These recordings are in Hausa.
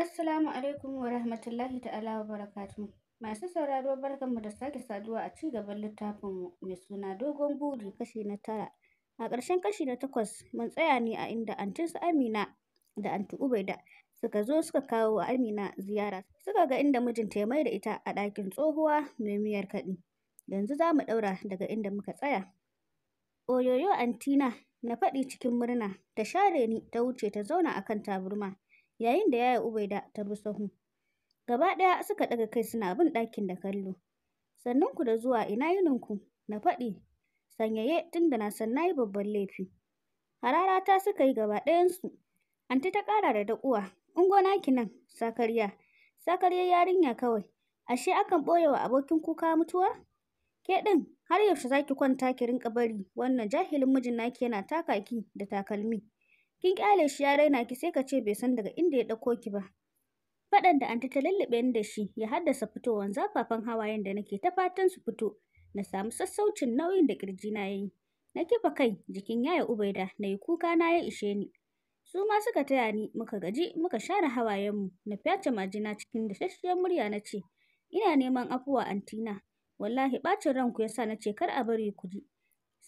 Assalamu alaikum wa rahmatullahi ta'ala wa barakatuhu. Masu sauraro barkanmu da sake saduwa a ci gaban littafinmu mai suna dogon buri kashi na tara. A ƙarshen kashi na takwas mun tsaya ne a inda antinsu Amina da anti Ubaida suka zo suka kawo wa Amina ziyara. Suka ga inda mijinta ya mai da ita a ɗakin tsohuwa mai miyar kaɗi. Yanzu za mu ɗaura daga inda muka tsaya. Oyoyo antina na faɗi cikin murna ta share ni ta wuce ta zauna akan taburma. yayin da yaya Ubaida ta bi sahu. Gaba ɗaya suka ɗaga kai suna bin ɗakin da kallo. Sannan ku da zuwa ina yininku na faɗi sanyaye tunda na san na yi babban laifi. Harara ta suka yi gaba ɗayansu. Anti ta ƙara da daƙuwa, gona ki nan, sakarya, sakarya yarinya kawai, ashe akan ɓoye wa abokin kuka mutuwa? Ke ɗin, har yaushe za ki kwanta ki rinƙa bari wannan jahilin mijin naki yana taka ki da takalmi. Kin kyale shi ya raina ki sai ka ce bai san daga inda ya ɗauko ki ba. Faɗan da anta ta lullube ni da shi ya haddasa fitowar zafafan hawayen da nake ta fatan su fito na samu sassaucin nauyin da kirji na yi. Na kifa kai jikin yaya ubaida na yi kuka na ya ishe ni. Su ma suka taya ni muka gaji muka share hawayenmu na fyace majina cikin da dashashshiyar murya na ce ina neman afuwa antina wallahi ɓacin ranku yasa na ce kar a bari ku ji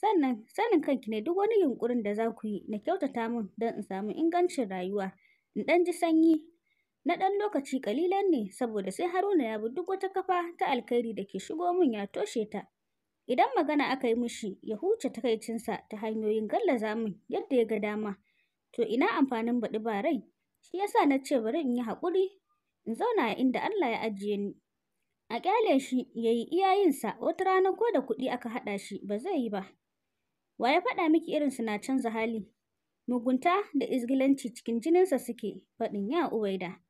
Sannan sanin kanki ne duk wani yunkurin da za ku yi na kyautata min don in samu ingancin rayuwa, in ɗan ji sanyi. Na ɗan lokaci ƙalilan ne saboda sai Haruna ya bi duk wata kafa ta alkhairi da ke shigo min ya toshe ta. Idan magana aka yi mishi ya huce takaicinsa ta hanyoyin gallaza min yadda ya ga dama. To ina amfanin baɗi ba rai? Shi yasa na ce bari in yi haƙuri in zauna a inda Allah ya ajiye ni. A ƙyale shi ya yi iyayensa wata rana ko da kuɗi aka haɗa shi ba zai yi ba. Wa ya faɗa miki irin su na canza hali? Mugunta da izgilanci cikin jininsa suke, faɗin ya uwaida.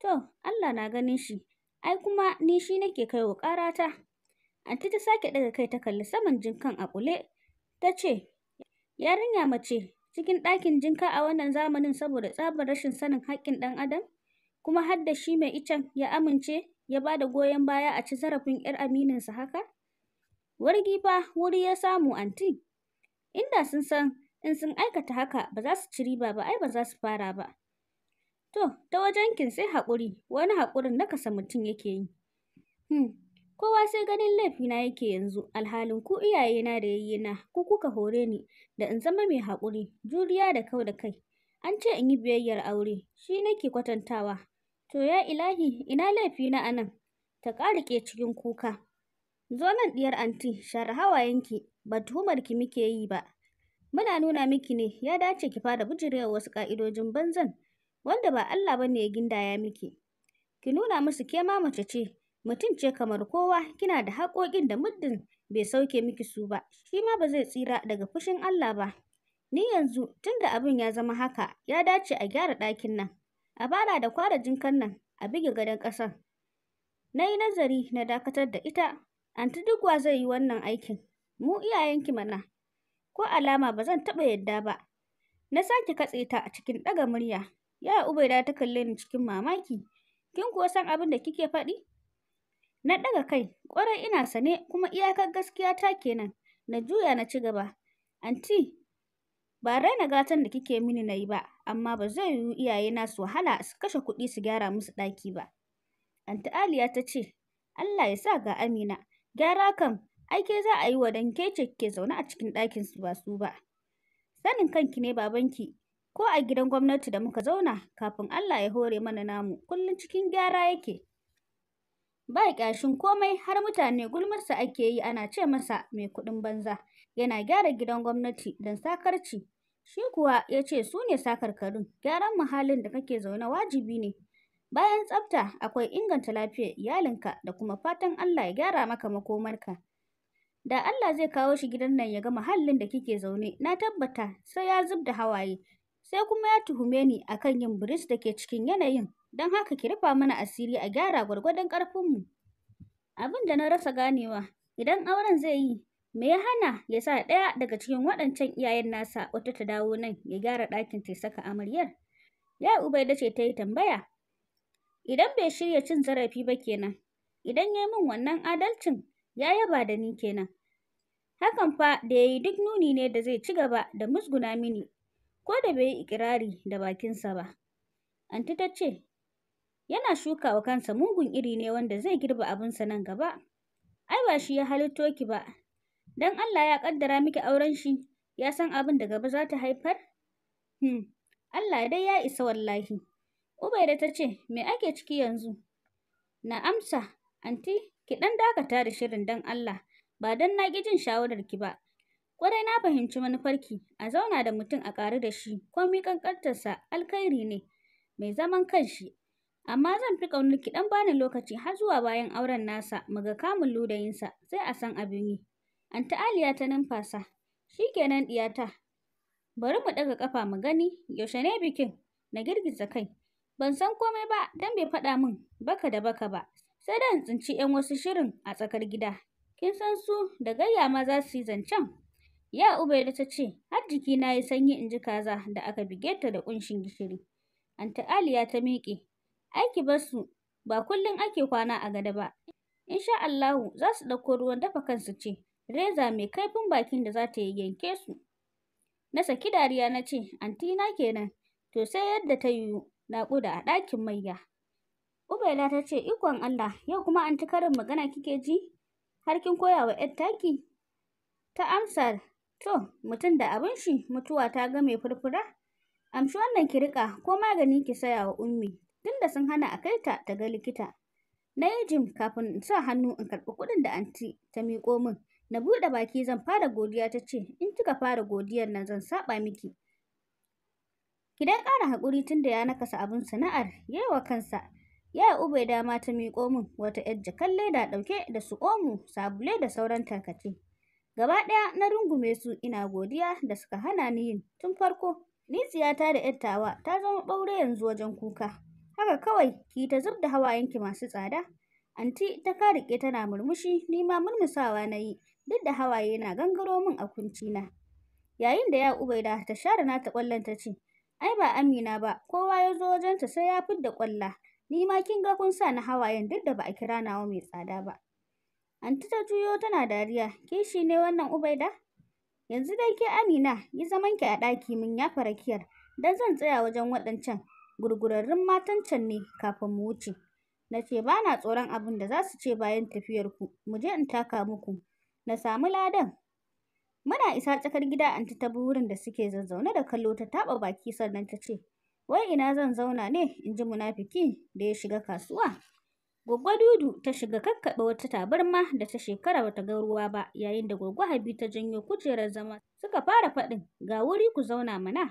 To, Allah na ganin shi, ai kuma ni shi nake kai wa ƙarata. Anti ta sake daga kai ta kalli saman jinkan a kule. ta ce, Yarinya mace, cikin ɗakin jinka a wannan zamanin saboda tsabar rashin sanin haƙƙin ɗan adam, kuma har shi mai icen ya amince ya ba da goyon baya a ci zarafin ‘yar amininsa haka? Wargi fa wuri ya samu anti. Inda sun san in sun aikata haka ba za su ci riba ba ai ba za su fara ba. To, ta wajen kin sai haƙuri, wani haƙurin na kasa mutum yake yi. Hmm, kowa sai ganin laifina yake yanzu, alhalin ku iyayena da yayyena, ku kuka hore ni da in zama mai haƙuri, juriya da kau da kai. An ce in yi biyayyar aure, shi nake kwatantawa. To ya ilahi, ina laifina a nan? Ta ƙariƙe cikin kuka. Zo nan ɗiyar anti, share hawayenki, ba tuhumar ki muke yi ba. Muna nuna miki ne ya dace ki fara bujirewa wasu ƙa'idojin banzan wanda ba Allah ba ne ya gindaya miki. Ki nuna musu ke ma mace ce, mutum ce kamar kowa, kina da haƙoƙin da muddin bai sauke miki su ba, shi ma ba zai tsira daga fushin Allah ba. Ni yanzu tunda abin ya zama haka, ya dace a gyara ɗakin nan, a bara da kwara jinkan nan, a bige gadon ƙasan. Na yi nazari na dakatar da ita Anti duk wa zai yi wannan aikin? Mu iyayenki mana. Ko alama ba zan taɓa yadda ba. Na sake katse ta a cikin ɗaga murya. Yaya Ubaida ta kalle ni cikin mamaki. Kin kuwa san abin da kike faɗi? Na ɗaga kai, ƙwarai ina sane kuma iyakar gaskiya ta kenan. Na juya na ci gaba. Anti, ba raina gatan da kike mini na yi ba, amma ba zai yiwu iyayena su wahala su kashe kuɗi su gyara musu ɗaki ba. Anti Aliya ta ce, Allah ya sa ga Amina, Gyara kam, ai ke za a yi wa don ke ce kike zaune a cikin ɗakinsu ba su ba. Sanin kanki ne babanki, ko a gidan gwamnati da muka zauna kafin Allah ya hore mana namu kullum cikin gyara yake. Ba ƙyashin komai har mutane gulmarsa ake yi ana ce masa mai kuɗin banza, yana gyara gidan gwamnati don sakarci. Shi kuwa ya ce su ne sakarkarin, gyaran muhallin da kake zaune wajibi ne. Bayan tsafta akwai inganta lafiyar iyalinka da kuma fatan Allah ya gyara maka makomarka. Da Allah zai kawo shi gidan nan ya ga muhallin da kike zaune, na tabbata sai ya zub da hawaye, sai kuma ya tuhume ni akan yin biris da ke cikin yanayin, don haka ki rufa mana asiri a gyara gwargwadon ƙarfinmu. Abin da na rasa ganewa, idan auren zai yi, me ya hana ya sa ɗaya daga cikin waɗancan iyayen nasa wata ta dawo nan ya gyara ɗakin ta saka amaryar? Ya Ubaida ce ta yi tambaya, Idan bai shirya cin zarafi ba kenan, idan ya min wannan adalcin ya yaba da ni kenan. Hakan fa da ya yi duk nuni ne da zai ci gaba da musguna mini, ko da bai yi ikirari da bakinsa ba. Anti ta ce, yana shuka wa kansa mugun iri ne wanda zai girba abinsa nan gaba. Ai ba shi ya halitto ki ba, don Allah ya ƙaddara miki auren shi, ya san abin da gaba za ta haifar? Hmm, Allah dai ya isa wallahi. Ubaida ta ce, Me ake ciki yanzu? Na amsa, Anti, ki ɗan dakata da shirin don Allah, ba don na ƙi jin shawararki ba. Ƙwarai na fahimci manufarki, a zauna da mutum a ƙaru da shi, komai ƙanƙantarsa alkhairi ne, mai zaman kanshi. Amma zan fi ƙaunar ki ɗan bani lokaci har zuwa bayan auren nasa, mu ga kamun ludayinsa, sai a san abin yi. Anti Aliya ta numfasa, Shi shikenan ɗiyata, bari mu ɗaga ƙafa mu gani, yaushe ne bikin? Na girgiza kai, Ban san komai ba dan bai faɗa min baka da baka ba. Sai da in tsinci 'yan wasu shirin a tsakar gida. Kin san su da gayya ma za su yi zancen. Ya Ubaida ta ce, har jiki na yi sanyi in ji kaza da aka bige ta da ƙunshin gishiri. Anta Aliya ta miƙe, aiki basu ba kullum ake kwana a gada ba. Insha Allahu za su ɗauko ruwan dafa kansu ce, reza mai kaifin bakin da za ta yi yanke su. Na saki dariya na ce, antina kenan, to sai yadda ta yiwu. naƙuda a ɗakin maiya. Ubaila ta ce, Ikon Allah, yau kuma an karin magana kike ji? Har kin koya wa ‘yar taki? Ta amsa, To, mutum da abin shi mutuwa ta ga mai furfura? Amshi wannan ki riƙa ko magani ki saya wa ummi, tunda sun hana a kai ta ta ga likita. Na yi jim kafin in sa hannu in karɓi kuɗin da anti ta miƙo min. Na buɗe baki zan fara godiya ta ce, In kika fara godiyar nan zan saɓa miki. Ki dai ƙara hakuri tunda da ya nakasa abin sana'ar yayi wa kansa. Yaya Ubaida ma ta miƙo min wata ‘yar jakan leda ɗauke da su omo, sabulai da sauran tarkace. Gaba ɗaya na rungume su ina godiya da suka hana ni yin tun farko. ta da ‘yar ta zama ɓaure yanzu wajen kuka. Haka kawai ki ta zub da hawayenki masu tsada. Anti ta karike tana murmushi ni ma murmusawa na yi duk da hawaye na gangaro min a kuncina. Yayin da ya Ubaida ta share nata ƙwallon ta ce Ai ba Amina ba, kowa ya zo wajenta sai ya fidda ƙwalla. Ni ma kin ga kun sa ni hawayen duk da ba a kira nawa mai tsada ba. Anti ta juyo tana dariya, kishi ne wannan Ubaida? Yanzu dai ke Amina, yi zaman ki a ɗaki mun ya farakiyar, dan zan tsaya wajen waɗancan gurgurarrun matan can ne kafin mu wuce. Na ce ba na tsoron abin da za su ce bayan tafiyarku, mu je in taka muku. Na samu ladan, Muna isa tsakar gida an ta wurin da suke zazzaune da kallo ta taɓa baki sannan ta ce, Wai ina zan zauna ne in ji munafiki da ya shiga kasuwa. Gwaggwa Dudu ta shiga kakkaɓe wata tabarma da ta shekara bata ga ruwa ba yayin da goggo Habi ta janyo kujerar zama suka fara faɗin ga wuri ku zauna mana.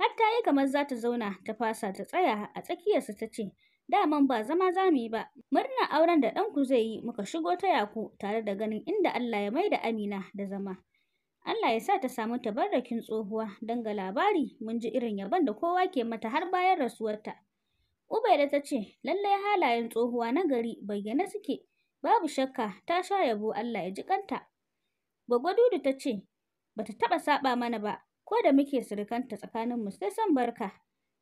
Har ta yi kamar za ta zauna ta fasa ta tsaya a tsakiyarsa ta ce daman ba zama za mu yi ba murnar auren da ɗanku zai yi muka shigo ta yaku tare da ganin inda Allah ya mai da Amina da zama. Allah ya sa ta samu tabarrakin tsohuwa don ga labari mun ji irin yabon da kowa ke mata har bayan rasuwarta. Ubaida ta ce, lallai halayen tsohuwa na gari bayyane suke, babu shakka ta sha yabo Allah ya ji kanta. Gwagwadudu ta ce, ba ta taɓa saɓa mana ba, ko da muke surukanta mu sai son barka.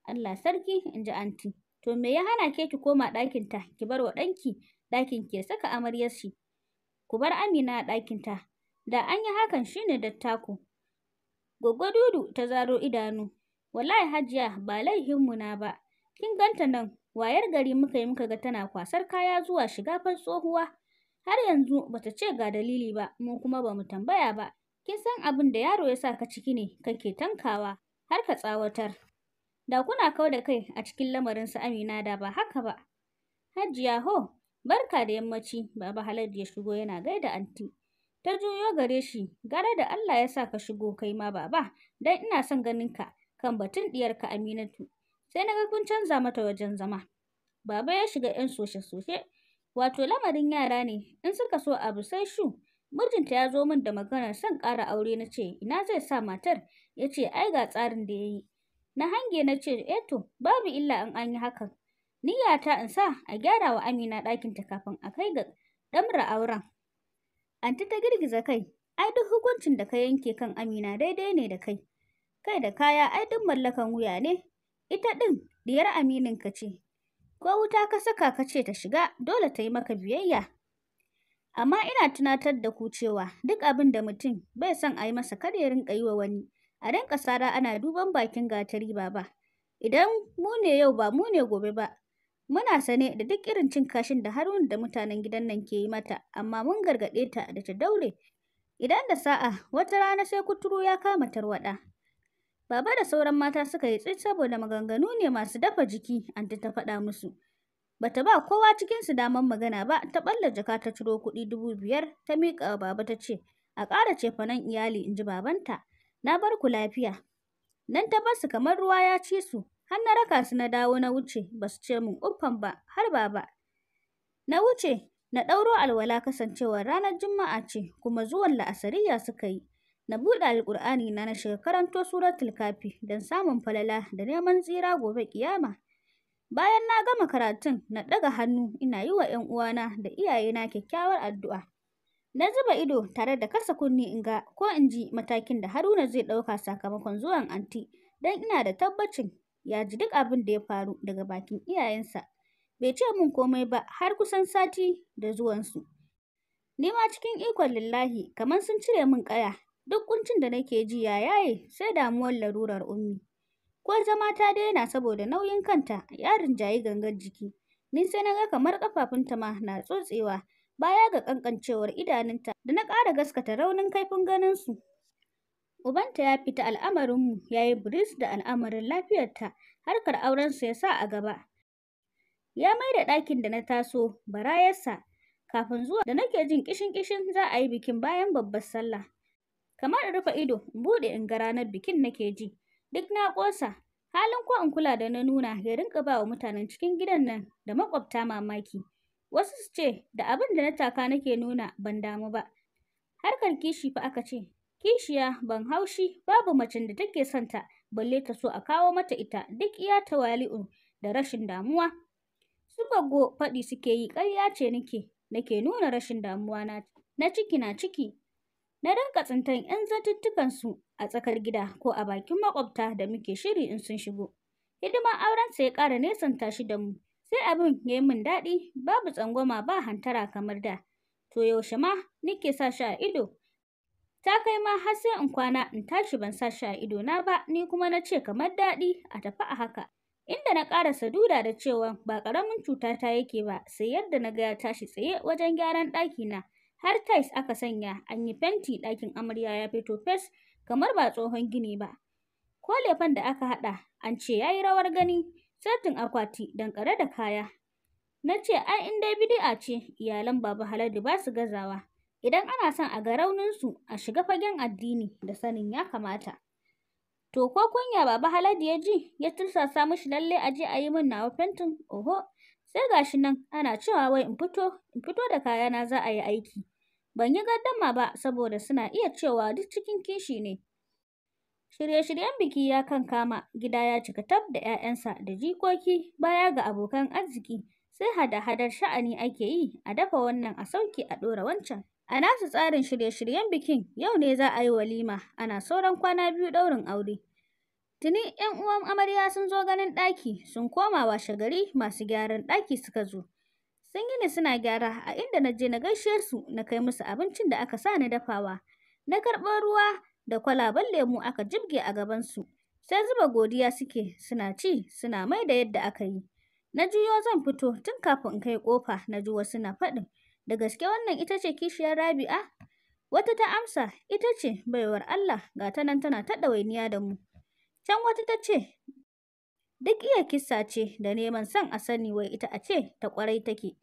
Allah sarki, in ji anti. To me ya hana ke ki koma ɗakinta, ki bar wa ɗanki, ɗakin ke saka amaryar shi. Ku bar Amina a ɗakinta, da an yi hakan shi ne dattako. Goggo Dudu ta zaro idanu, wallahi hajiya ba laihinmu na ba, kin ganta nan wayar gari muka yi muka ga tana kwasar kaya zuwa shiga far tsohuwa. Har yanzu ba ta ce ga dalili ba, mu kuma ba mu tambaya ba. Kin san abin da yaro ya sa ka ciki ne kake tankawa har ka tsawatar. Da kuna kau da kai a cikin lamarin su Amina da ba haka ba. Hajiya ho, barka da yammaci, Baba Haladu ya shigo yana gaida anti. Ta juyo gare shi, gara da Allah ya sa ka shigo kai ma baba, dan ina son ganin ka kan batun ɗiyarka Aminatu. Sai na ga kun canza mata wajen zama. Baba ya shiga 'yan soshe-soshe, wato lamarin yara ne, in suka so abu sai shu. Mijinta ya zo min da maganar san ƙara aure na ce, ina zai sa matar? Ya ce, ai ga tsarin da ya yi. Na hange na ce, eto, eh babu illa in an yi hakan. Niyyata in sa a gyara wa Amina ɗakinta kafin a kai ga ɗamra auren. Anti ta girgiza kai, ai duk hukuncin da ka yanke kan Amina daidai ne da kai. Kai da kaya ai duk mallakan wuya ne, ita ɗin diyar aminin ka ce. Ko wuta ka saka ka ce ta shiga dole ta yi maka biyayya. Amma ina tunatar da ku cewa duk abin da mutum bai son a yi masa kada ya rinƙa yi wa wani, a rinƙa sara ana duban bakin gatari baba. Idan mu ne yau ba mu ne gobe ba, Muna sane da duk irin cin kashin da Haruna da mutanen gidan nan ke yi mata, amma mun gargaɗe ta da ta daure. Idan da sa'a, wata rana sai kuturu ya kama tarwaɗa. Baba da sauran mata suka yi tsit saboda maganganu ne masu dafa jiki, anti ta faɗa musu. Bata ba kowa cikinsu daman magana ba, ta ɓalla jaka ta ciro kuɗi dubu biyar, ta miƙa wa baba ta ce, a ƙara cefanen iyali in ji babanta, na bar ku lafiya. Nan ta bar kamar ruwa ya ci su, Har na raka su na dawo na wuce ba su ce min uffam ba har ba. Na wuce na ɗauro alwala kasancewar ranar Juma'a ce kuma zuwan la'asariya suka yi. Na buɗe alƙur'ani na na shiga karanto suratul kafi don samun falala da neman tsira gobe kiyama. Bayan na gama karatun na ɗaga hannu ina yi wa ‘yan uwana da iyayena kyakkyawar addu'a. Na zuba ido tare da kasa kunni in ga ko in ji matakin da Haruna zai ɗauka sakamakon zuwan anti don ina da tabbacin ya ji duk abin da ya faru daga bakin iyayensa. Bai ce min komai ba har kusan sati da zuwansu. Ni ma cikin ikon lillahi kamar sun cire min ƙaya duk kuncin da nake ji ya yaye sai damuwar larurar ummi. Ko zama ta daina saboda nauyin kanta ya rinjayi gangar jiki. Ni sai na ga kamar ƙafafunta ma na tsotsewa baya ga ƙanƙancewar idanunta da na ƙara gaskata raunin kaifin ganinsu Ubanta ya fita al'amarinmu ya yi biris da al'amarin lafiyarta, harkar aurensa ya sa a gaba. Ya mai da ɗakin da na taso barayarsa, kafin zuwa da nake jin kishin-kishin za a yi bikin bayan babbar sallah. Kamar in rufe ido, in buɗe in ga ranar bikin nake ji, duk na ƙosa, halin ko in kula da na nuna ya rinƙa ba wa mutanen cikin gidan nan da maƙwabta mamaki. Wasu su ce da abin da na taka nake nuna ban damu ba. Harkar kishi fa aka ce, Kishiya ban haushi babu macen da take son ta balle ta so a kawo mata ita duk iya tawali'u da rashin damuwa. Su bago faɗi suke yi ƙarya ce nake nake nuna rashin damuwa na na ciki na ciki. Na rinka tsintan 'yan zatuttukan su a tsakar gida ko a bakin makwabta da muke shiri in sun shigo. Hidimar aurensa ya ƙara nesanta tashi da mu. sai abin ya yi min daɗi babu tsangwama ba hantara kamar da to yaushe ma nake sa shi a ido ta kai ma har sai in kwana in tashi ban sa shi a ido na ba ni kuma na ce kamar daɗi a tafi a haka inda na ƙarasa duda da cewa ba ƙaramin cuta ta yake ba sai yadda na ga ya tashi tsaye wajen gyaran ɗaki na har tais aka sanya an yi fenti ɗakin amarya ya fito fes kamar ba tsohon gini ba ko lefen da aka haɗa an ce ya yi rawar gani satin akwati danƙare da kaya na ce ai in dai bidi'a ce iyalan baba haladu ba su gazawa Idan ana son a ga rauninsu, a shiga fagen addini da sanin ya kamata. To ko kunya Baba Haladu ya ji, ya tursasa mishi lallai a je a yi min nawa fentin, oho, sai gashi nan ana cewa wai in fito, in fito da kayana za a yi aiki. Ban yi gaddama ba saboda suna iya cewa duk cikin kishi ne. Shirye-shiryen biki ya kan kama, gida ya cika tab da 'ya'yansa da jikoki baya ga abokan arziki, sai hada-hadar sha'ani ake yi, a dafa wannan a sauke a ɗora wancan. A nasu tsarin shirye-shiryen bikin, yau ne za a yi walima, ana sauran kwana biyu ɗaurin aure. Tuni 'yan uwan amarya sun zo ganin ɗaki, sun koma wa shagari masu gyaran ɗaki suka zo. Sun yini suna gyara a inda na je na gaishe su na kai musu abincin da aka sa ni dafawa. Na karɓar ruwa da kwalaban lemu aka jibge a gabansu. Sai zuba godiya suke suna ci suna mai da yadda aka yi. Na juyo zan fito tun kafin in kai ƙofa na ji wasu na faɗin. Da gaske wannan ita ce kishiyar Rabi'a? Wata ta amsa, ita ce, baiwar Allah, ga ta nan tana ta ɗawainiya da mu. Can wata ta ce, duk iya kisa ce da neman son a sani wai ita a ce ta ƙwarai take.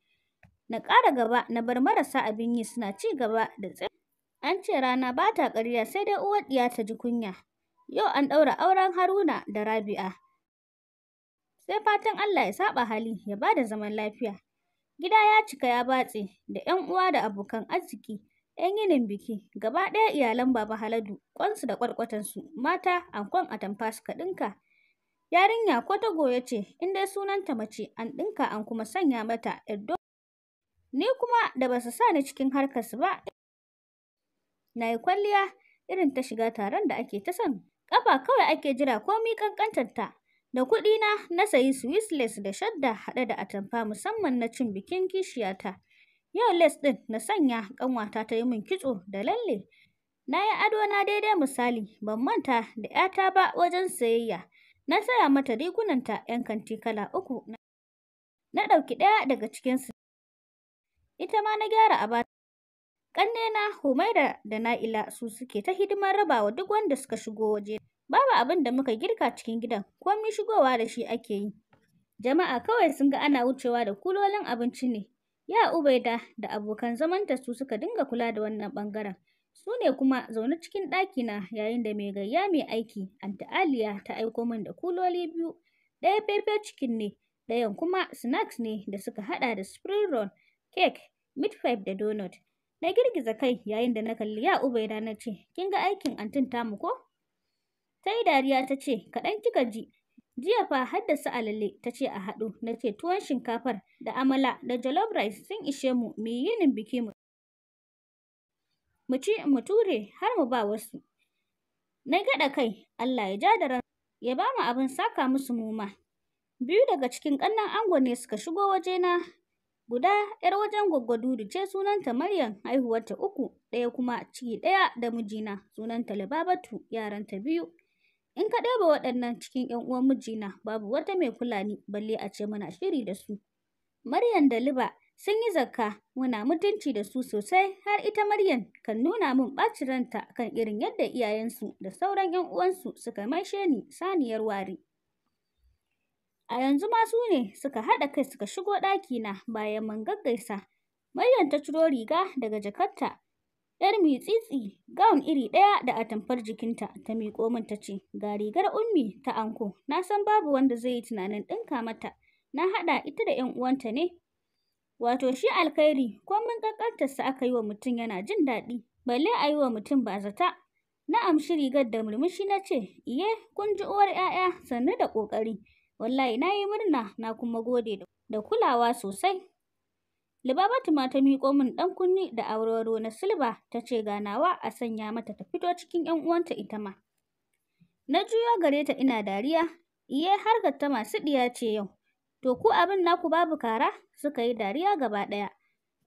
Na ƙara gaba na bar marasa abin yi suna ci gaba da tsaye. An ce rana ba ta ƙarya sai dai uwar ɗiya ta ji kunya. Yau an ɗaura auren Haruna da Rabi'a. Sai fatan Allah ya saɓa hali ya ba da zaman lafiya. Gida ya cika ya batse da 'yan uwa da abokan arziki, 'yan yinin biki, gaba ɗaya iyalan Baba Haladu ƙwansu da ƙwarƙwatansu mata ankon atamfa suka ɗinka. Yarinya ko ta goye ce in dai sunanta mace an ɗinka an kuma sanya mata 'yaddo. Ni kuma da ba su sa ni cikin harkarsu ba, na yi kwalliya irin ta shiga taron da ake ta son. Ƙafa kawai ake jira komi ta. Da kuɗi na na sayi Swiss lace da shadda haɗe da atamfa musamman na cin bikin kishiyata. Yau les ɗin na sanya ƙanwata ta yi min kitso da lalle. Na yi na daidai misali, ban manta da 'yata ba wajen sayayya. Na saya mata rigunanta 'yan kanti kala uku, na ɗauki ɗaya daga cikinsu, ita ma na gyara a bata. Ƙannena Humaira da Na'ila su suke ta hidimar rabawa duk wanda suka shigo wajena. Babu abin da muka girka cikin gidan, komi shigowa da shi ake yi. Jama'a kawai sun ga ana wucewa da kulolin abinci ne. Ya Ubaida da abokan zamanta su suka dinga kula da wannan bangaren. Su ne kuma zaune cikin ɗakina yayin da mai gayya mai aiki, Anta Aliya ta aiko min da kuloli biyu. Ɗaya fefe cikin ne, ɗayan kuma snacks ne da suka haɗa da spring roll, cake, meat pie da donut. Na girgiza kai yayin da na kalli ya Ubaida na ce, kin ga aikin antin tamu ko? Ta dariya ta ce, kaɗan kika ji. Jiya fa haddasa alale ta ce a haɗu na ce tuwon shinkafar da amala da jollof rice sun ishe mu mu yi yinin biki mu. ci mu ture har mu ba wasu. Na gaɗa kai Allah ya ja da ran ya ba mu abin saka musu muma. Biyu daga cikin ƙannan ango ne suka shigo wajena guda ‘yar wajen da ce sunanta Maryam haihuwarta uku ɗaya kuma ciki ɗaya da mijina sunanta Libabatu yaranta biyu. In ka ɗaba waɗannan cikin 'yan uwan mijina babu wata mai kula ni balle a ce muna shiri da su. Maryam da Liba sun yi zakka muna mutunci da su sosai har ita Maryam kan nuna min ɓacin ranta kan irin yadda iyayensu da sauran 'yan uwansu suka maishe ni saniyar wari A yanzu ma su ne suka haɗa kai suka shigo ɗakina bayan mun gaggaisa. Maryam ta ciro riga daga jakarta 'yar mitsitsi gawun iri ɗaya da atamfar jikinta ta miƙo min ta ce ga rigar ummi ta anko na san babu wanda zai yi tunanin ɗinka mata na haɗa ita da 'yan uwanta ne wato shi alkhairi ko mun ƙanƙantarsa aka yi wa mutum yana jin daɗi balle a yi wa mutum ba zata na amshi rigar da murmushi na ce iye kun ji uwar 'ya'ya sannu da ƙoƙari wallahi na yi murna na kuma gode da kulawa sosai Libabatu ma ta miƙo min ɗan kunni da awarwaro na silba ta ce ganawa a sanya mata ta fito cikin 'yan uwanta ita ma. Na juyo gare ta ina dariya, iye harkar ta masu ɗiya ce yau. To ku abin naku babu kara? Suka yi dariya gaba ɗaya.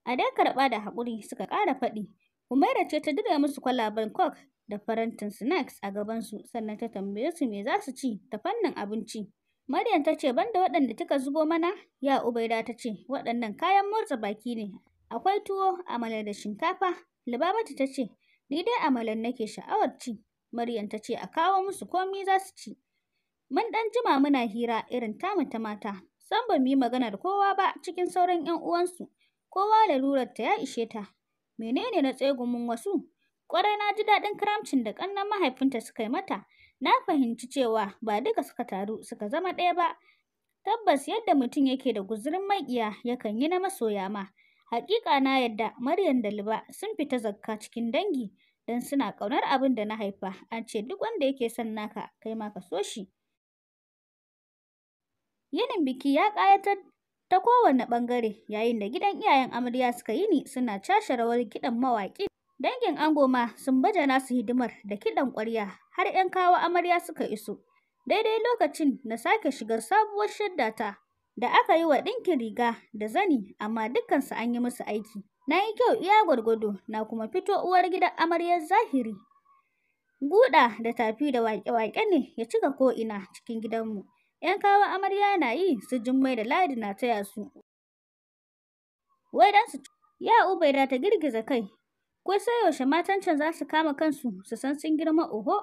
A dai karɓa da haƙuri suka ƙara faɗi. Humaira ce ta dube musu kwalaben coke da farantin snacks a gabansu sannan ta tambaye su me za su ci ta fannin abinci. Maryam ta ce, banda waɗanda kika zubo mana, ya Ubaida ta ce, waɗannan kayan motsa baki ne. Akwai tuwo, amala da shinkafa. Libabatu ta ce, ni dai amalan nake sha'awar ci. Maryam ta ce, a kawo musu komi za su ci. Mun ɗan jima muna hira irin tamu ta mata, san ba mu yi maganar kowa ba cikin sauran 'yan uwansu. Kowa lalurar ta ya ishe ta. Menene na tsegumin wasu? Ƙwarai na ji daɗin kramcin da ƙannan mahaifinta suka yi mata. Na fahimci cewa ba duka suka taru suka zama ɗaya ba. Tabbas yadda mutum yake da guzurin maƙiya yakan yi na masoya ma. Haƙiƙa na yadda Maryam da Liba sun fita zakka cikin dangi don suna ƙaunar abin da na haifa. An ce duk wanda yake son naka kai ma ka so shi. Yinin biki ya ƙayatar ta kowane ɓangare yayin da gidan iyayen amarya suka yi ni suna cashe rawar kiɗan mawaƙi. Dangin ango ma sun baje nasu hidimar da kiɗan ƙwarya har 'yan kawo amarya suka iso. Daidai lokacin na sake shigar sabuwar shaddata da aka yi wa ɗinkin riga da zani amma dukkansu an yi musu aiki. Na yi kyau iya gwargwado na kuma fito uwar gidan amaryar zahiri. Guda da tafi da waƙe-waƙe ne ya cika ko'ina cikin gidanmu. 'Yan kawo amarya na yi su jummai da ladi na taya su. Wai don su ya Ubaida ta girgiza kai Ko sai yaushe matan can za su kama kansu su san sun girma oho?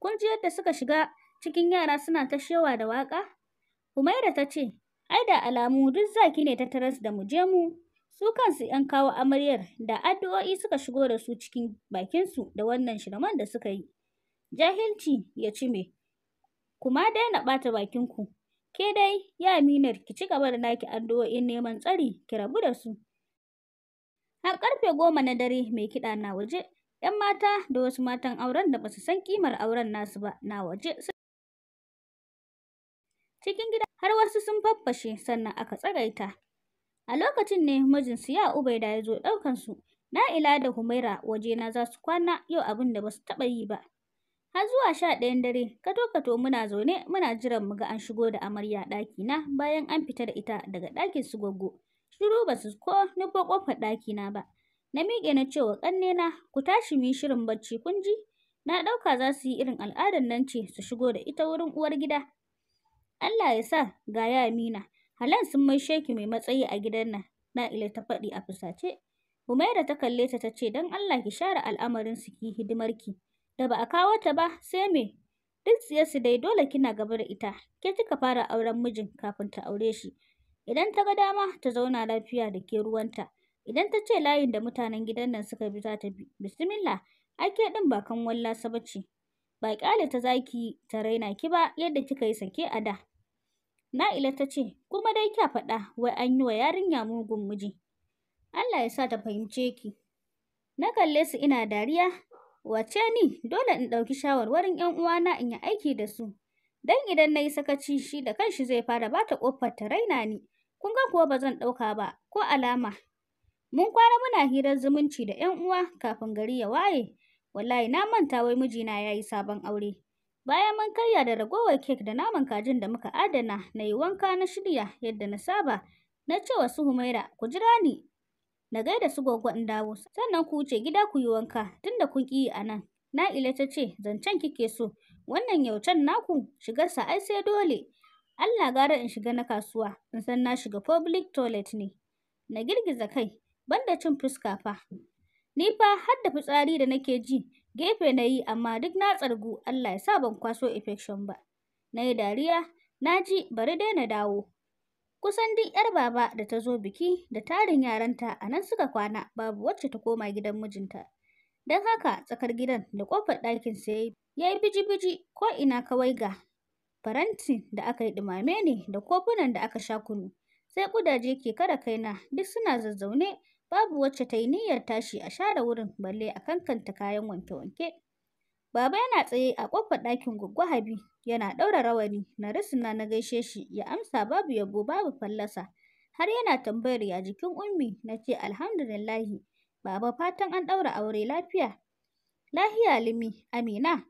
Kun ji yadda suka shiga cikin yara suna ta shewa da waƙa? Humaira ta ce, ai da alamu duk zaki ne ta taras da mu je mu. Su kansu ‘yan kawo amaryar da addu'o'i suka shigo da su cikin bakinsu da wannan shirman da suka yi. Jahilci ya ci me, kuma daina ɓata ku. ke dai ya minar ki ci gaba da naki addu'o'in neman tsari ki rabu da su. Na karfe goma na dare mai kiɗa na waje, ‘yan mata da wasu matan auren da basu san kimar auren nasu ba na waje. Cikin gida har wasu sun faffashe sannan aka tsagaita. A lokacin ne mijinsu ya Ubaida ya zo ɗaukansu, Na'ila da Humaira wajena za su kwana yau abin da basu taɓa yi ba. Har zuwa sha ɗayan dare, kato-kato muna zaune muna jiran mu ga an shigo da amarya ɗakina bayan an fita da ita daga ɗakin su gwaggo. Shiru ba su ko nufo ƙofar ɗakina ba. Na miƙe na ce wa ƙannena, ku tashi mu yi shirin bacci kun ji? Na ɗauka za su yi irin al'adar nan ce su shigo da ita wurin uwar gida. Allah ya sa ga ya Amina Halan sun mai sheki mai matsayi a gidan nan, Na Na'ila ta faɗi a fusace. Humaira ta kalle ta ta ce, don Allah ki share al'amarin su ki hidimarki. Da ba a kawo ta ba, sai me? Duk su dai dole kina gaba da ita, ke kika fara auren mijin kafin ta aure shi. Idan ta ga dama ta zauna lafiya da ke ruwanta. Idan ta ce layin da mutanen gidan nan suka bi za ta bi, bismillah, ake ɗin ba kan wallasa ba ce. Ba ƙyale ta zaki ta raina ki ba yadda kika yi sake a da. Na'ila ta ce, kuma dai kya faɗa wai an yi wa yarinya mugun miji. Allah ya sa ta fahimce ki. Na kalle su ina dariya, wace ni dole in ɗauki shawarwarin 'yan uwana in yi aiki da su. Dan idan na yi sakaci shi da kanshi zai fara bata ƙofar ta raina ni. kun ga kuwa ba zan ɗauka ba, ko alama. Mun kwana muna hirar zumunci da ‘yan uwa kafin gari ya waye, wallahi na manta wai mijina ya yi sabon aure. Bayan mun karya da ragowar kek da naman kajin da muka adana, na yi wanka na shirya yadda na saba, na ce wa su Humaira, ku jira ni, na gaida su gwaggo in dawo, sannan ku wuce gida ku yi wanka, tunda kun ƙi a nan. Na'ila ta ce, zancen kike so, wannan yaucen naku, shigarsa ai sai dole. Allah gara in shiga na kasuwa, in san na shiga public toilet ne. Na girgiza kai, banda cin fuska fa. Ni fa har da fitsari da nake ji, gefe na yi amma duk na tsargu Allah ya sa ban kwaso infection ba. Na yi dariya, na ji bari dai na dawo. Kusan duk 'yar baba da ta zo biki da tarin yaranta a nan suka kwana babu wacce ta koma gidan mijinta. Don haka tsakar gidan da ƙofar ɗakin sai ya yi biji-biji ko ina kawai ga faranti da aka yi ɗumame ne da kofunan da aka sha kunu. Sai ƙudaje ke kara kaina duk suna zazzaune babu wacce ta yi niyyar tashi a share wurin balle a kankanta kayan wanke-wanke. Baba yana tsaye a ƙofar ɗakin Goggo Habi yana ɗaura rawani na risina na gaishe shi ya amsa babu yabo babu fallasa. Har yana tambayar ya jikin ummi na ce alhamdulillahi baba fatan an ɗaura aure lafiya. Lahiya limi Amina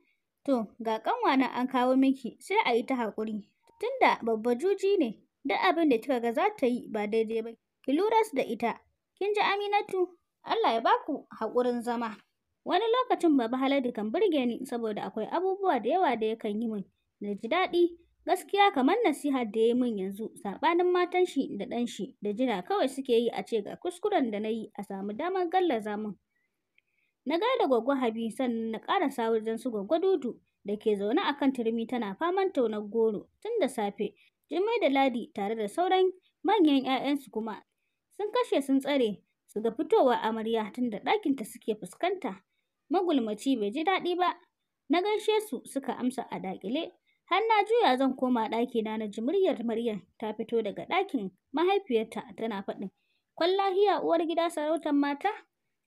To, ga ƙanwa nan an kawo miki, sai a yi ta haƙuri. Tunda babba juji ne, duk abin da kika ga za ta yi ba daidai ba, ki lura da ita. Kin ji Aminatu? Allah ya baku haƙurin zama. Wani lokacin baba Haladu kan burge ni saboda akwai abubuwa da yawa da yakan yi min. Na ji daɗi, gaskiya kamar nasiha da ya yi min yanzu, saɓanin matan shi da ɗan shi da jina kawai suke yi a ce ga kuskuren da na yi a samu damar gallaza min. Na gada gwaggo Habi sannan na ƙara don su gwaggo Dudu da ke zaune a kan turmi tana faman taunar goro tun da safe. Jummai da Ladi tare da sauran manyan 'ya'yansu kuma sun kashe sun tsare su ga fitowa amarya tun da ɗakinta suke fuskanta. Magulmaci bai ji daɗi ba. Na gaishe su suka amsa a daƙile. Har na juya zan koma ɗakina na ji muryar Maryam ta fito daga ɗakin mahaifiyarta tana faɗin. Kwallahiya uwar gida sarautar mata?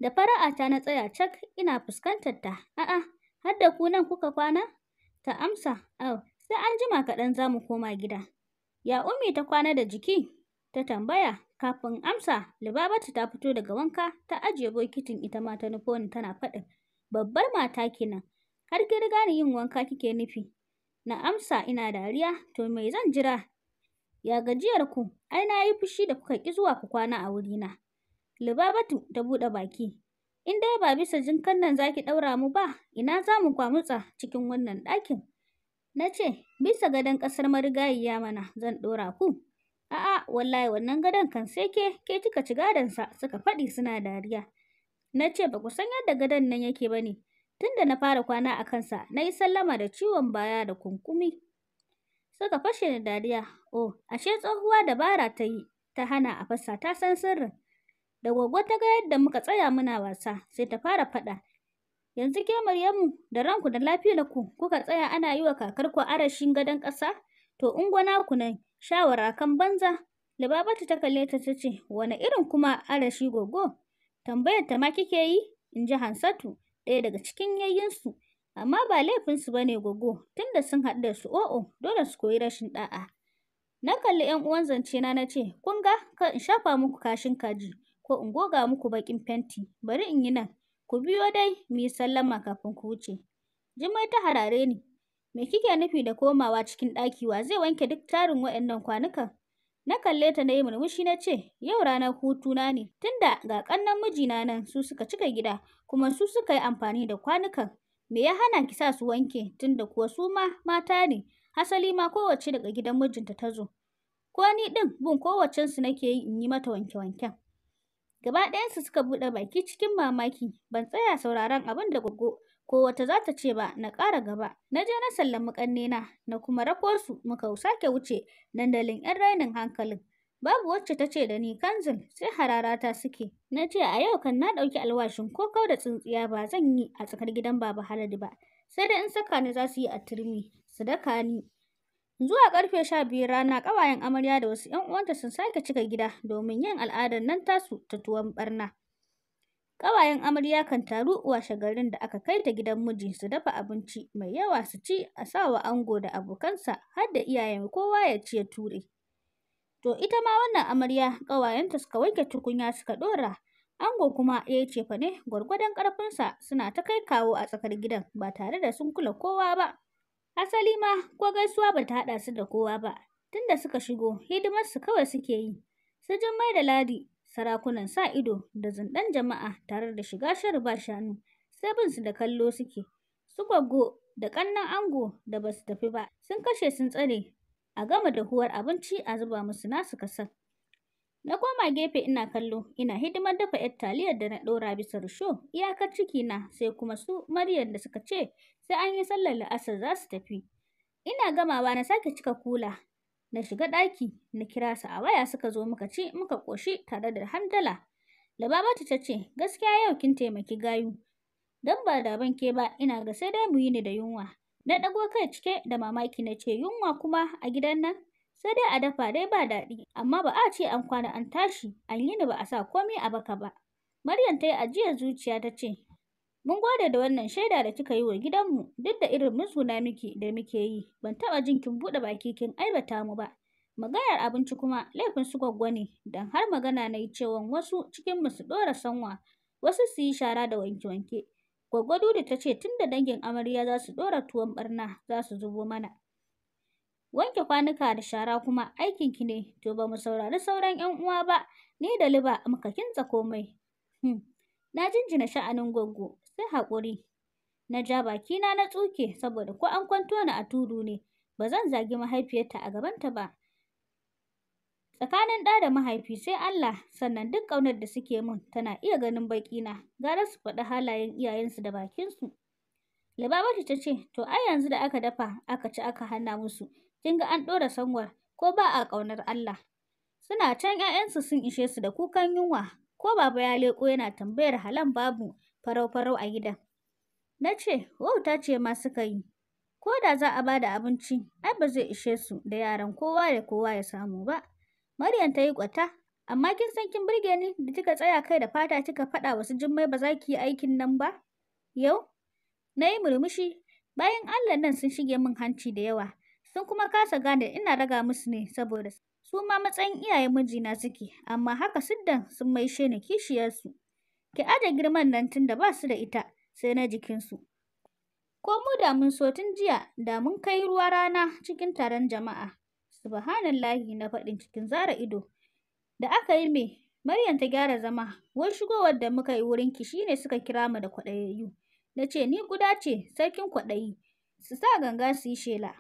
Da fara'ata na tsaya cak ina fuskantar ta. A'a, har da ku nan kuka kwana? Ta amsa, "Au, sai an jima kaɗan za mu koma gida." Ya ummi ta kwana da jiki? Ta tambaya, kafin amsa, Libabatu ta fito daga wanka ta ajiye bokitin ita ma ta nufo tana faɗin. Babbar mata kenan, har ki riga ni yin wanka kike nufi. Na amsa ina dariya, to me zan jira? Ya gajiyar ku, ai na yi fushi da kuka ki zuwa ku kwana a wurina. Libabatu ta buɗe baki. In dai ba bisa jinkan nan za ki ɗaura mu ba, ina za mu kwamutsa cikin wannan ɗakin? Na ce, bisa gadon ƙasar marigayiya mana zan ɗora ku. A'a, wallahi wannan gadon kan sai ke, ke kika ci gadonsa suka faɗi suna dariya. Na ce, ba ku san yadda gadon nan yake ba ne, tunda na fara kwana a kansa na yi sallama da ciwon baya da kunkumi suka fashe da dariya oh ashe tsohuwa dabara ta yi ta hana a fasa ta san sirrin Da gwaggo ta ga yadda muka tsaya muna wasa, sai ta fara faɗa. Yanzu ke Maryamu, da ranku da lafiyar ku, kuka tsaya ana yi wa kakarku arashin gadon ƙasa? To in gwana ku nan, shawara kan banza. Libabatu ta kalle ta ta ce, wani irin kuma arashi gogo? Tambayar ta ma kike yi? In ji Hansatu, ɗaya daga cikin yayyinsu. Amma ba laifinsu ba ne gogo, tunda sun haɗu da su o'o, dole su koyi rashin ɗa'a. Na kalli ‘yan uwan zance na ce, kun ga, ka in shafa muku kashin kaji. ko in goga muku bakin fenti, bari in yi nan, ku biyo dai mu yi sallama kafin ku wuce. Jummai ta harare ni, me kike nufi da komawa cikin ɗaki wa zai wanke duk tarin waɗannan kwanukan? Na kalle ta na yi murmushi na ce, yau ranar hutuna ne, tunda ga ƙannan mijina nan su suka cika gida, kuma su suka yi amfani da kwanukan. Me ya hana ki sa su wanke, tunda kuwa su ma mata ne, hasali ma kowace daga gidan mijinta ta zo. Ko ni ɗin bin kowacensu nake yi in yi mata wanke-wanken. Gaba ɗayansu suka buɗe baki cikin mamaki, ban tsaya sauraron abin da goggo ko wata za ta ce ba na ƙara gaba. Na je na sallami ƙannena na kuma rakorsu muka sake wuce dandalin 'yan rainin hankalin. Babu wacce ta ce da ni kanzil sai hararata suke. Na ce a yau kan na ɗauki alwashin ko kau da tsintsiya ba zan yi a tsakar gidan Baba Haladu ba. Sai dai in saka ni za su yi a turmi, su daka ni Zuwa karfe sha biyu rana ƙawayen amarya da wasu ‘yan uwanta sun sake cika gida domin yin al'adar nan tasu ta tuwon barna. Ƙawayen amarya kan taru washe garin da aka kai ta gidan miji su dafa abinci mai yawa su ci a sawa ango da abokansa har da iyayen kowa ya ci ya ture. To ita ma wannan amarya ƙawayenta suka wanke tukunya suka ɗora ango kuma ya yi cefane gwargwadon ƙarfinsa suna ta kai kawo a tsakar gidan ba tare da sun kula kowa ba. Asali ma ko gaisuwa ba ta haɗa su da kowa ba, tunda suka shigo hidimarsu kawai suke yi. Su mai da Ladi sarakunan sa ido da zunɗan jama'a tare da shiga shirin ba shanu, sai bin su da kallo suke. Su gwaggo da ƙannan ango da basu tafi ba, sun kashe sun tsare a gama dahuwar abinci a zuba musu nasu kasan. Na koma gefe ina kallo, ina hidimar dafa ‘yar taliyar da na ɗora bisa rusho, iyakar cikina sai kuma su Maryam da suka ce sai an yi sallar la'asar za su tafi. Ina gamawa na sake cika kula, na shiga ɗaki, na kira su a waya suka zo muka ci muka ƙoshi tare da hamdala. Lababatu ta ce, gaskiya yau kin taimaki gayu, Dan ba da banke ba ina ga sai dai mu yi ni da yunwa. Na ɗago kai cike da mamaki na ce yunwa kuma a gidan nan? sai dai a dafa dai ba daɗi amma ba a ce an kwana an tashi an yi ni ba a sa komai a baka ba Maryam ta yi ajiyar zuciya ta ce mun gode da wannan shaida da kika yi wa gidanmu duk da irin suna miki da muke yi ban taɓa jin kin buɗe baki kin aibata mu ba maganar abinci kuma laifin su gwaggwa ne don har magana na yi cewa wasu cikin mu su ɗora sanwa wasu su yi shara da wanke-wanke Gwaggwado Dudu ta ce tun da dangin amarya za su ɗora tuwon ɓarna za su zubo mana. Wanke kwanuka da shara kuma aikin ki ne, to ba mu saurari sauran 'yan uwa ba, ni da Liba muka kintsa komai. Hmm. Na jinjina sha'anin gwaggo, sai haƙuri. Na ja bakina na tsuke saboda ko an kwanto ni a tudu ne, ba zan zagi mahaifiyarta a gabanta ba. Tsakanin ɗa da mahaifi sai Allah, sannan duk ƙaunar da suke min tana iya ganin baƙina, gara su faɗi halayen iyayensu da bakinsu. Libabatu ta ce, to ai yanzu da aka dafa aka ci aka hana musu, kin ga an ɗora sanwar ko ba a ƙaunar Allah. Suna can 'ya'yansu sun ishe su da kukan yunwa ko baba ya leƙo yana tambayar halan babu farau-farau a gidan. Na ce, wauta ce ma suka yi, ko da za a ba da abinci, ai ba zai ishe su da yaran kowa da kowa ya samu ba. Maryam ta yi kwata, amma kin san kin burge ni da kika tsaya kai da fata kika faɗa wasu jummai ba za ki yi aikin nan ba? Yau, na yi murmushi, bayan Allah nan sun shige min hanci da yawa, Sun kuma kasa gane ina raga musu ne saboda su ma matsayin iyayen mijina suke, amma haka siddan sun maishe ni kishiyarsu. Ki aje girman nan tun da ba su da ita, sai na jikinsu. Ko mu da mun so tun jiya, da mun kai ruwa rana cikin taron jama'a. Subhanallahi na faɗin cikin zara ido. Da aka yi me, Maryam ta gyara zama, wai shigowar da muka yi wurin shi ne suka kira mu da kwaɗayayyu. Na ce, Ni guda ce, sarkin kwaɗayi, su sa ganga su yi shela.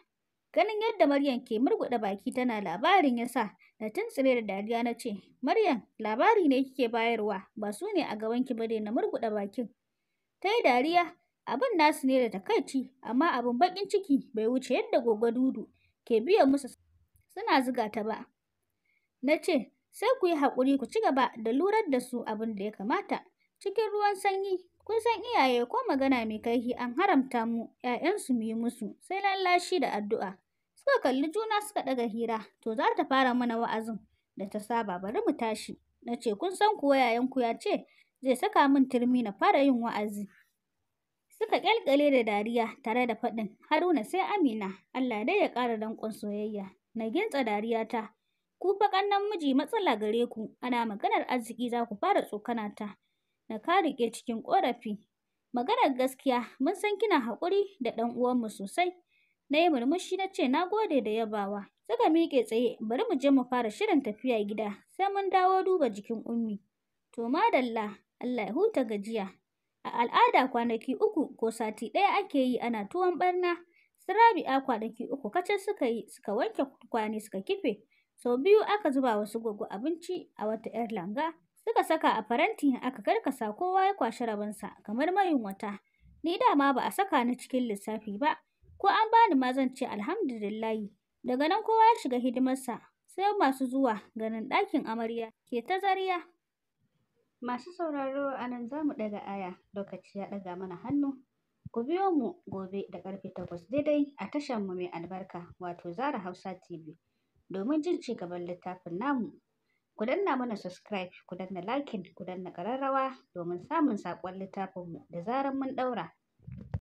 Ganin yadda Maryam ke murguɗa baki tana labarin yasa, sa na tuntsire da dariya na ce, Maryam, labari ne kike bayarwa, ba su ne a gabanki ba dai na murguɗa bakin. Ta yi dariya, abin nasu ne da takaici, amma abin bakin ciki bai wuce yadda gogo dudu ke biya musu suna zuga ta ba. Na ce, sai ku yi haƙuri ku ci gaba da lurar da su abin da ya kamata. Cikin ruwan sanyi Kun san iyaye ko magana mai kaihi an haramta mu ‘ya'yansu mu yi musu, sai lallashi da addu'a. Suka kalli juna suka ɗaga hira, to za ta fara mana wa'azin da ta saba bari mu tashi. Na ce kun san kuwa yayanku ya ce zai saka min turmi na fara yin wa'azi. Suka ƙyalƙyale da dariya tare da faɗin Haruna sai Amina, Allah dai ya ƙara danƙon soyayya. Na gintsa dariyata, ku fa nan miji matsala gare ku, ana maganar arziki za ku fara tsokana ta. Na ka riƙe cikin ƙorafi. Maganar gaskiya, mun san kina haƙuri da ɗan uwanmu sosai. Na yi murmushi na ce na gode da yabawa. Suka miƙe tsaye, bari mu je mu fara shirin tafiya gida, sai mun dawo duba jikin ummi. To madalla, Allah ya huta gajiya. A al'ada kwanaki uku ko sati ɗaya ake yi ana tuwon ɓarna. Sirabi'a kwanaki uku kace suka yi, suka wanke kwani suka kife. Sau biyu aka zuba wasu gwaggo abinci a wata 'yar langa. Suka saka a faranti aka karkasa kowa ya kwashi rabonsa kamar mayunwata. Ni dama ba a saka ni cikin lissafi ba, ko an bani ma zan ce alhamdulillahi. Daga nan kowa ya shiga hidimarsa, sai masu zuwa ganin ɗakin amarya ke ta zariya. Masu sauraro a nan za mu ɗaga aya, lokaci ya ɗaga mana hannu. Ku biyo mu gobe da ƙarfe takwas daidai a tashar mu mai albarka wato Zara Hausa TV domin jin ci gaban littafin namu. Ku danna mana subscribe, ku danna liking, ku danna ƙararrawa domin samun saƙon littafinmu da zarar mun ɗaura.